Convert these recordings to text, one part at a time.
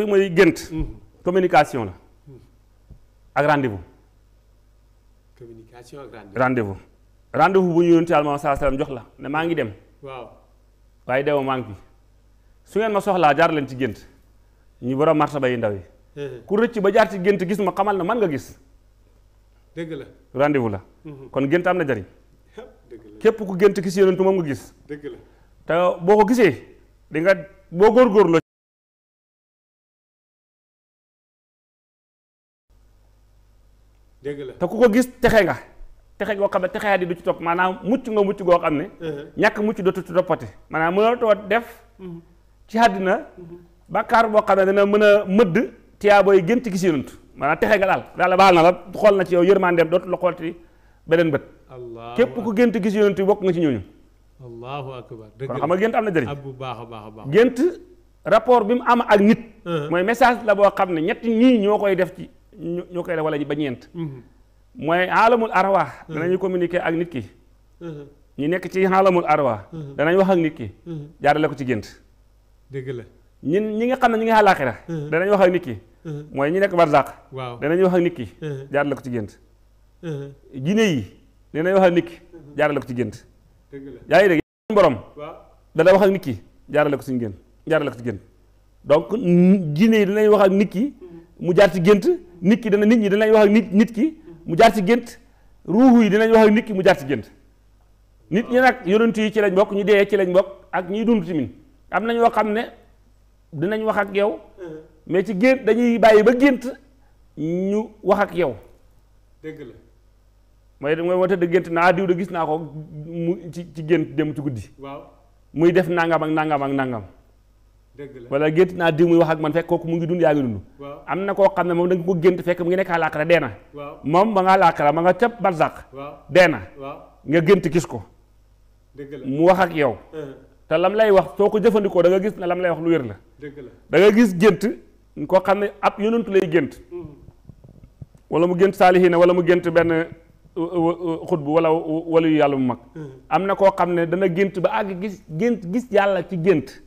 bi mooy gént mm-hmm. communication la mm-hmm. ak rendez-vous communication ak rendez bu ñu yónni Yàlla sallallahu alayhi jox la ne maa ngi dem waaw waaye deewu maa ngi fi su ngeen ma soxlaa jaar leen ci gént ñu borom martaba yi ndaw yi ku rëcc ba jaar ci gént gis ma xamal na man nga gis dëgg la rendez-vous la mm-hmm. kon gént am na jariñ képp ku gént gis yonentu moom nga gis dëgg boo ko gisee di nga boo góorgóorloo dëgg la te ku ko gis texe nga texe goo xam ne texe yi du ci topp maanaam mucc nga mucc goo xam ne uh-huh. ñàkk mucc dootu ci toppati maanaam mënatoo def uh-huh. ci àddina uh-huh. bàkkaar boo xam ne dana mën a mëdd tiyaabo yi booy ci gis yonent maanaam texe nga daal daal baal na la xool na ci yow dem dootu la xoolati beneen bët képp ku gént gis yonent bokk nga ci ñooñu allahu akbar kon xam nga gént am na jëriñ bu baax a baax a baax gént rapport bi mu am ak nit mooy message la boo xam ne ñetti ñii ñoo koy def ci ñoo koy def wala ba ñeent mhm. mooy aalamul arwa mhm. danañu communiquer ak nit ki mhm. ñu nekk ci aalamul arwa danañ wax ak nit jaarale ko ci gént dëgg la ñun ñi nga xam ne ñi nga danañ wax ak nikki mooy ñi nekk barzaq waaw danañ wax ak nit ko ci gént jinne yi danañ wax ak nit ki jaarale ko ci gént yaa ngi dégg suñu borom dana wax ak ko suñu gént jaarale ci gént donc jinne yi danañ wax ak nit ki mu jaar ci gént nit ki dana nit ñi danañ wax ak nit nit ki mu jaar ci gént ruuxu yi dinañ wax ak nit ki mu jaar ci gént nit ñi nag yonent yi ci lañ bokk ñu dee ci lañ bokk ak ñuy dund tamit am na ñoo xam ne dinañ wax ak yow uh-huh. mais ci gént dañuy bàyyi ba gént ñu wax ak yow dëgg la mooy mooy moo tax de gént naa diw de gis naa ko mu ci ci gént dem ci guddi muy def nangam ak nangam ak nangam wala gént naa diw muy wax ak man fekk kooku mu ngi dund yaa ngi dund am na koo xam ne moom da nga ko gént fekk mu ngi nekk àllaaxira dee na moom ma nga àllaaxira ma nga ca barzaq dee na nga gént gis ko mu wax ak yow uh-huh. te lam lay wax soo ko jëfandikoo da nga gis ne lam lay wax lu wér la da nga gis gént koo xam ne ab yonentu lay gént uh-huh. wala mu gént saalihiina wala mu gént benn uh, uh, uh, xut bu wala wala yu yàlla mu mag uh-huh. am na koo xam ne dana gént ba àgg gis gént gis yàlla ci gént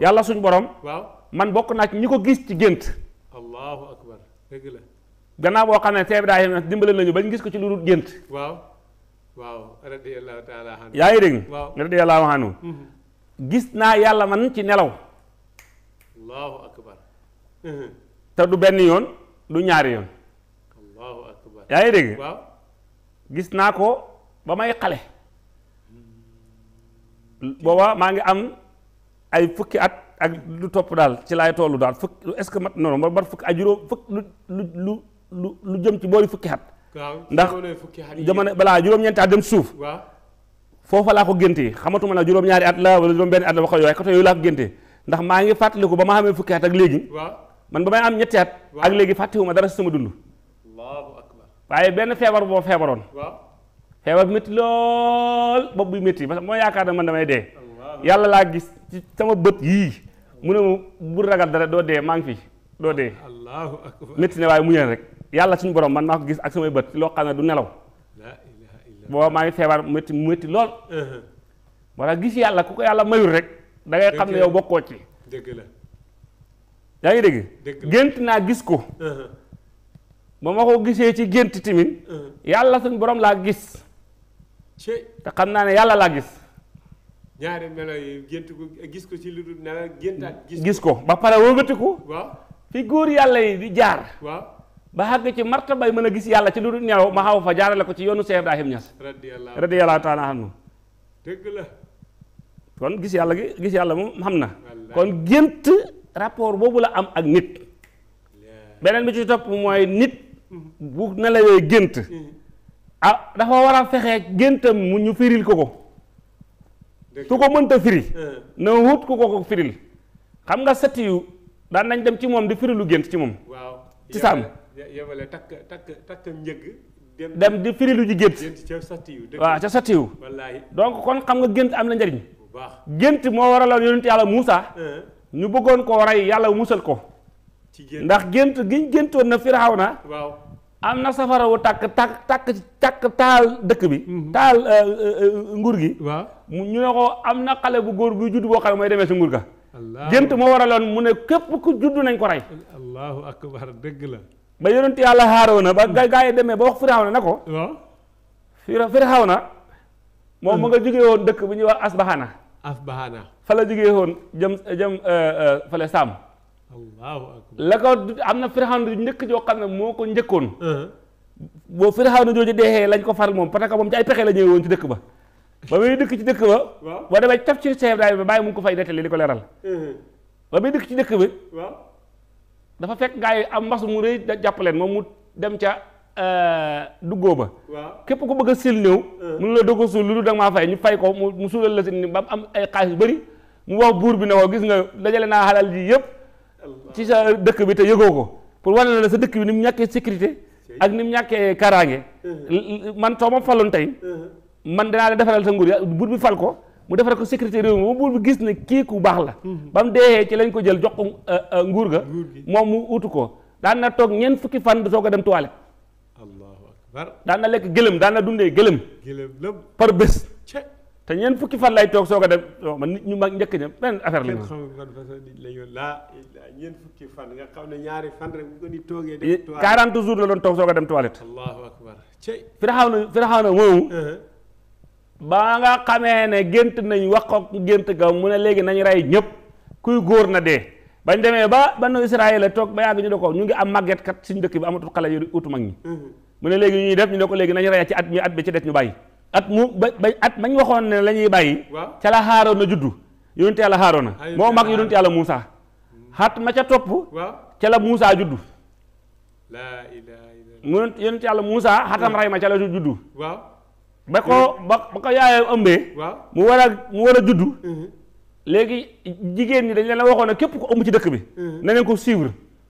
yàlla suñ borom. waaw man bokk naa ci ñi ko gis ci gént. allahu akbar gannaaw boo xam ne Seex Ibrahima dimbale nañu bañ gis ko ci lu dul gént. waaw waaw. radiyallahu taala anhu. yaa ngi mhm. gis naa yàlla man ci nelaw. allahu mhm. te du benn yoon du ñaari yoon. allahu dégg. gis naa ko ba may xale. booba maa ngi am. ay fukki at ak lu topp daal ci laay toolu daal fukk est-ce que mat non bar fukki ay juróom fukk lu lu lu lu jëm ci boori fukki at. ndax jamono balaa juróom-ñeenti at dem suuf. foofa laa ko géntee xamatuma na juróom-ñaari at la wala juróom-benn at la wax yooyu côté yooyu laa ko géntee ndax maa ngi fàttaliku ba ma xamee fukki at ak léegi. man ba may am ñetti at. ak léegi fàttewuma dara si sama dund. waaye benn feebar boo feebaroon. feebar bi métti moo yaakaar yàlla laa gis ci sama bët yii mu ne ma bu ragal dara doo dee maa fi doo dee métti ne waaye muñal rek yàlla suñ borom man maa ko gis ak samay bët loo xam ne du nelaw booba maa ngi feebar mu métti lool uh-huh. wala gis yàlla ku ko yàlla mayul rek da ngay xam ne yow bokkoo ci dëgg la dégg gént naa gis ko uh-huh. ba ma ko gisee ci gént tamit uh-huh. yàlla suñ borom laa gis te xam naa ne yàlla laa gis ñaari melo gént gis ko ci lu dul nelaw gis ko ba pare wëlbatiku waaw fi góor yàlla yi di jaar waaw ba xàgg ci bay mën a gis yàlla ci lu dul nelaw ma xaw fa jaarale ko ci yoonu Cheikh Ibrahim Niass radiyallahu taala anhu dëgg la kon gis yàlla gi gis yàlla moom xam na kon gént rapport boobu la am ak nit beneen bi ci topp mooy nit mm-hmm. bu nelawee gént mm-hmm. ah dafa war a fexee géntam mu ñu firil ko ko su ko mënta firi na wut ku ko ko firil xam nga sët yu daan nañ dem ci moom di firilu gént ci moom waaw ci sàmm yemale takk takk takk njëg dem di firilu ji gént waaw ca sët yu donc kon xam nga gént am na njariñ gént moo waraloon yonent yàlla Muusa ñu bëggoon koo rey yàlla musal ko ndax gént giñ géntoon na Firawna na am na safara wu takk takk tàkk tàkk taal dëkk bi. Mhm. taal euh, euh, euh, nguur gi. waaw ñu ne ko am na xale bu góor bu judd boo xam ne mooy demee si nguur ga. gént moo waraloon mu ne képp ku judd nañ ko rey. allahu dëgg la. ba yonent yàlla xaaroo na ba mhm. gaa yi demee ba wax Firawna ne ko. waaw na moom mu nga jógee woon dëkk bu ñuy wax Asbahana. Asbahana fa la jógee woon jëm jëm fële Saam. la ko am na firxaanu ju njëkk joo xam ne moo ko njëkkoon uh-huh. boo firxaanu jooju deexee lañ ko far moom parce que moom ci ay pexe la ñëwee woon ci dëkk ba ba muy dëkk ci dëkk ba boo demee taf ci Cheikh Ibrahima bàyyi ko fay nettali ko leeral uh-huh. ba muy dëkk ci dëkk bi dafa fekk gaa yi am mbas mu rëy jàpp leen moom mu dem ca uh, duggoo ba képp ku bëgg a sil ñëw uh-huh. mënu la doog a lu dul da nga maa fay ñu fay ko mu suulal la si ni ba mu am ay xaalis yu bëri mu wax buur bi na ko gis nga dajale naa xalal ji yëpp ci sa dëkk bi te yëgoo ko pour wane na la sa dëkk bi ni mu ñàkkee sécurité ak ni mu ñàkkee kaaraange uh-huh. man soo ma faloon tey uh-huh. man dinaa la defaral sa nguur ya buur bi fal ko mu defaral ko sécurité réew mi moom buur bi gis ne kii ku baax la uh-huh. ba mu dee ci lañ ko jël jox uh, uh, nguur ga moom mu utu ko daan na toog ñeent fukki fan du soog a dem toilette daan na lekk gëlëm daan na dundee gëlëm par bés te ñeent fukki fan lay toog soog a dem oh, man nit ñu mag njëkk ña benn affaire la ñu. ñeent fukki fan nga xam ne ñaari fan rek bu ko ni toogee dem toilette 40 jours la doon toog soog a dem toilette. allahu akbar Firawna Firawna moomu. Uh-huh. ba nga xamee ne gént nañ wax ko gént ga mu ne léegi nañ rey ñëpp kuy góor na a bañ demee ba banu Israël la toog ba yàgg ñu ne ko ñu ngi am màgget kat suñu dëkk bi amatul xale yu utu mag ñi. Uh-huh. mu ne léegi ñuy def ñu ne ko léegi nañ rey ci at mi at bi ci des ñu bàyyi. at mu ba ba at mañ waxoon ne la ñuy bàyyi ca la na juddu yonent yàlla Haaruna moo mag yonent yàlla Muusa xat ma ca topp ca la Muusa juddu mu yonent yàlla Muusa xatam ray ma ca la juddu ba ko ba ba ko yaayam ëmbee mu war mu war a juddu mm-hmm. léegi jigéen ñi dañ leen a waxoon ne képp ko ëmb ci dëkk bi mm-hmm. na leen ko suivre